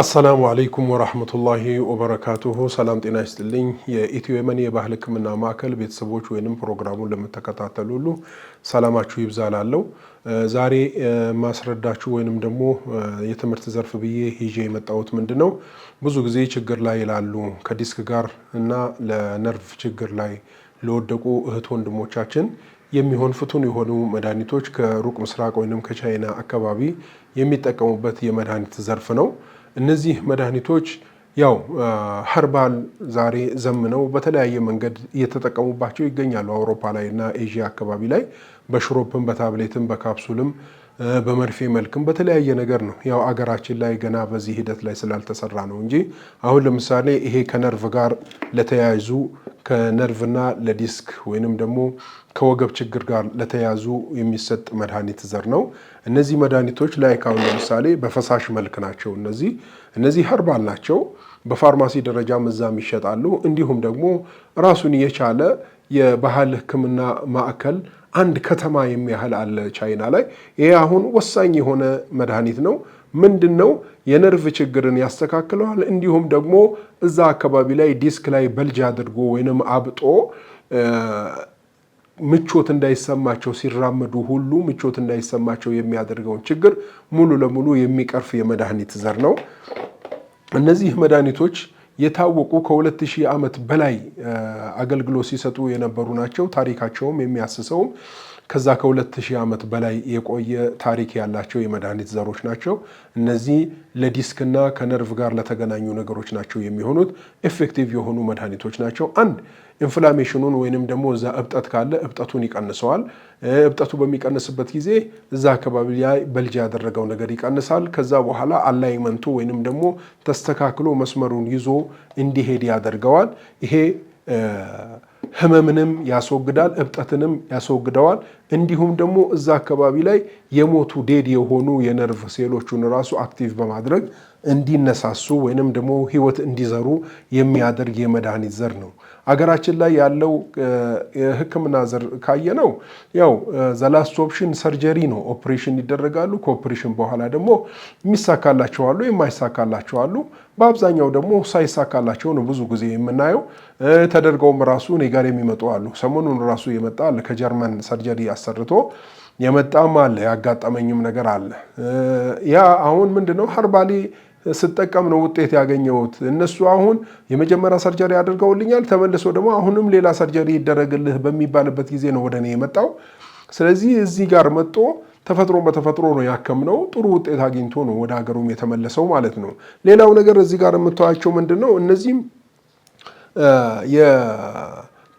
አሰላሙ አለይኩም ወራህመቱላሂ ወበረካቱሁ። ሰላም ጤና ይስጥልኝ። የኢትዮ የመን የባህል ሕክምና ማዕከል ቤተሰቦች ወይንም ፕሮግራሙን ለምትከታተሉ ሁሉ ሰላማችሁ ይብዛላለው። ዛሬ ማስረዳችሁ ወይንም ደግሞ የትምህርት ዘርፍ ብዬ ይዤ የመጣሁት ምንድን ነው ብዙ ጊዜ ችግር ላይ ይላሉ ከዲስክ ጋር እና ለነርቭ ችግር ላይ ለወደቁ እህት ወንድሞቻችን የሚሆን ፍቱን የሆኑ መድኃኒቶች ከሩቅ ምስራቅ ወይንም ከቻይና አካባቢ የሚጠቀሙበት የመድኃኒት ዘርፍ ነው። እነዚህ መድኃኒቶች ያው ሀርባል ዛሬ ዘምነው በተለያየ መንገድ እየተጠቀሙባቸው ይገኛሉ። አውሮፓ ላይ እና ኤዥያ አካባቢ ላይ በሽሮፕም በታብሌትም በካፕሱልም በመርፌ መልክም በተለያየ ነገር ነው። ያው አገራችን ላይ ገና በዚህ ሂደት ላይ ስላልተሰራ ነው እንጂ አሁን ለምሳሌ ይሄ ከነርቭ ጋር ለተያያዙ ከነርቭና ለዲስክ ወይንም ደግሞ ከወገብ ችግር ጋር ለተያዙ የሚሰጥ መድኃኒት ዘር ነው። እነዚህ መድኃኒቶች ላይ ካሁን ለምሳሌ በፈሳሽ መልክ ናቸው። እነዚህ እነዚህ ሀርባል ናቸው። በፋርማሲ ደረጃም እዛም ይሸጣሉ። እንዲሁም ደግሞ ራሱን የቻለ የባህል ሕክምና ማዕከል አንድ ከተማ የሚያህል አለ ቻይና ላይ። ይሄ አሁን ወሳኝ የሆነ መድኃኒት ነው። ምንድን ነው የነርቭ ችግርን ያስተካክለዋል። እንዲሁም ደግሞ እዛ አካባቢ ላይ ዲስክ ላይ በልጅ አድርጎ ወይንም አብጦ ምቾት እንዳይሰማቸው ሲራመዱ ሁሉ ምቾት እንዳይሰማቸው የሚያደርገውን ችግር ሙሉ ለሙሉ የሚቀርፍ የመድኃኒት ዘር ነው። እነዚህ መድኃኒቶች የታወቁ ከ2000 ዓመት በላይ አገልግሎት ሲሰጡ የነበሩ ናቸው። ታሪካቸውም የሚያስሰውም ከዛ ከ2000 ዓመት በላይ የቆየ ታሪክ ያላቸው የመድኃኒት ዘሮች ናቸው። እነዚህ ለዲስክና ከነርቭ ጋር ለተገናኙ ነገሮች ናቸው የሚሆኑት። ኤፌክቲቭ የሆኑ መድኃኒቶች ናቸው። አንድ ኢንፍላሜሽኑን ወይንም ደግሞ እዛ እብጠት ካለ እብጠቱን ይቀንሰዋል። እብጠቱ በሚቀንስበት ጊዜ እዛ አካባቢ ላይ በልጅ ያደረገው ነገር ይቀንሳል። ከዛ በኋላ አላይመንቱ ወይንም ደግሞ ተስተካክሎ መስመሩን ይዞ እንዲሄድ ያደርገዋል። ይሄ ህመምንም ያስወግዳል፣ እብጠትንም ያስወግደዋል። እንዲሁም ደግሞ እዛ አካባቢ ላይ የሞቱ ዴድ የሆኑ የነርቭ ሴሎቹን ራሱ አክቲቭ በማድረግ እንዲነሳሱ ወይንም ደግሞ ህይወት እንዲዘሩ የሚያደርግ የመድኃኒት ዘር ነው። አገራችን ላይ ያለው የህክምና ዘር ካየነው ያው ዘላስት ኦፕሽን ሰርጀሪ ነው። ኦፕሬሽን ይደረጋሉ። ከኦፕሬሽን በኋላ ደግሞ የሚሳካላቸው አሉ፣ የማይሳካላቸው አሉ። በአብዛኛው ደግሞ ሳይሳካላቸው ነው ብዙ ጊዜ የምናየው። ተደርገውም ራሱ እኔ ጋር የሚመጡ አሉ። ሰሞኑን ራሱ የመጣ ከጀርመን ሰርጀሪ አሰርቶ የመጣም አለ ያጋጠመኝም ነገር አለ። ያ አሁን ምንድን ነው ሀርባሊ ስጠቀም ነው ውጤት ያገኘሁት። እነሱ አሁን የመጀመሪያ ሰርጀሪ አድርገውልኛል፣ ተመልሶ ደግሞ አሁንም ሌላ ሰርጀሪ ይደረግልህ በሚባልበት ጊዜ ነው ወደ እኔ የመጣው። ስለዚህ እዚህ ጋር መጦ ተፈጥሮ በተፈጥሮ ነው ያከምነው። ጥሩ ውጤት አግኝቶ ነው ወደ ሀገሩም የተመለሰው ማለት ነው። ሌላው ነገር እዚህ ጋር የምታያቸው ምንድን ነው እነዚህም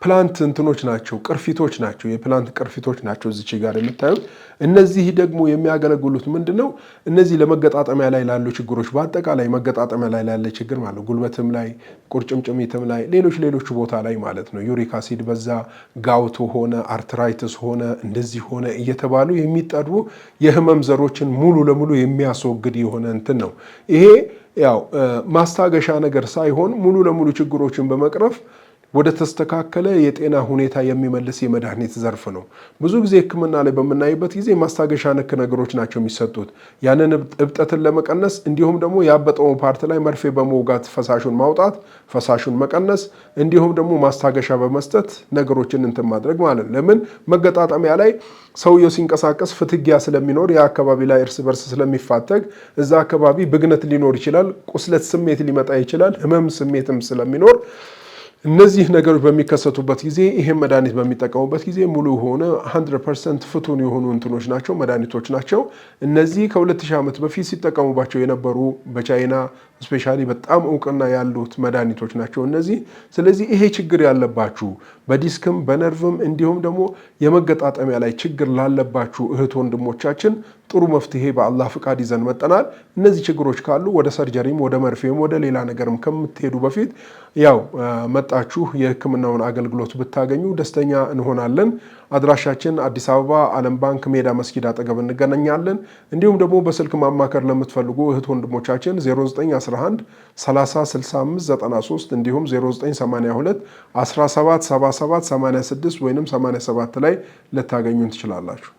ፕላንት እንትኖች ናቸው፣ ቅርፊቶች ናቸው። የፕላንት ቅርፊቶች ናቸው እዚች ጋር የምታዩት። እነዚህ ደግሞ የሚያገለግሉት ምንድን ነው? እነዚህ ለመገጣጠሚያ ላይ ላሉ ችግሮች፣ በአጠቃላይ መገጣጠሚያ ላይ ላለ ችግር ማለት ነው። ጉልበትም ላይ፣ ቁርጭምጭሚትም ላይ፣ ሌሎች ሌሎች ቦታ ላይ ማለት ነው። ዩሪክ አሲድ በዛ፣ ጋውት ሆነ፣ አርትራይትስ ሆነ፣ እንደዚህ ሆነ እየተባሉ የሚጠሩ የህመም ዘሮችን ሙሉ ለሙሉ የሚያስወግድ የሆነ እንትን ነው ይሄ። ያው ማስታገሻ ነገር ሳይሆን ሙሉ ለሙሉ ችግሮችን በመቅረፍ ወደ ተስተካከለ የጤና ሁኔታ የሚመልስ የመድኃኒት ዘርፍ ነው። ብዙ ጊዜ ሕክምና ላይ በምናይበት ጊዜ ማስታገሻ ነክ ነገሮች ናቸው የሚሰጡት ያንን እብጠትን ለመቀነስ እንዲሁም ደግሞ ያበጠውን ፓርት ላይ መርፌ በመውጋት ፈሳሹን ማውጣት፣ ፈሳሹን መቀነስ እንዲሁም ደግሞ ማስታገሻ በመስጠት ነገሮችን እንትን ማድረግ ማለት ለምን መገጣጠሚያ ላይ ሰውየው ሲንቀሳቀስ ፍትጊያ ስለሚኖር የአካባቢ ላይ እርስ በርስ ስለሚፋተግ እዛ አካባቢ ብግነት ሊኖር ይችላል። ቁስለት ስሜት ሊመጣ ይችላል። ህመም ስሜትም ስለሚኖር እነዚህ ነገሮች በሚከሰቱበት ጊዜ ይሄን መድኃኒት በሚጠቀሙበት ጊዜ ሙሉ የሆነ 100 ፍቱን የሆኑ እንትኖች ናቸው መድኃኒቶች ናቸው። እነዚህ ከ2000 ዓመት በፊት ሲጠቀሙባቸው የነበሩ በቻይና ስፔሻሊ በጣም እውቅና ያሉት መድኃኒቶች ናቸው እነዚህ። ስለዚህ ይሄ ችግር ያለባችሁ በዲስክም በነርቭም እንዲሁም ደግሞ የመገጣጠሚያ ላይ ችግር ላለባችሁ እህት ወንድሞቻችን ጥሩ መፍትሄ በአላህ ፍቃድ ይዘን መጠናል። እነዚህ ችግሮች ካሉ ወደ ሰርጀሪም ወደ መርፌም ወደ ሌላ ነገርም ከምትሄዱ በፊት ያው መጣችሁ የህክምናውን አገልግሎት ብታገኙ ደስተኛ እንሆናለን። አድራሻችን አዲስ አበባ ዓለም ባንክ ሜዳ መስጊድ አጠገብ እንገናኛለን። እንዲሁም ደግሞ በስልክ ማማከር ለምትፈልጉ እህት ወንድሞቻችን 09 11 30 65 93 እንዲሁም 0982 1777 86 ወይም 87 ላይ ልታገኙን ትችላላችሁ።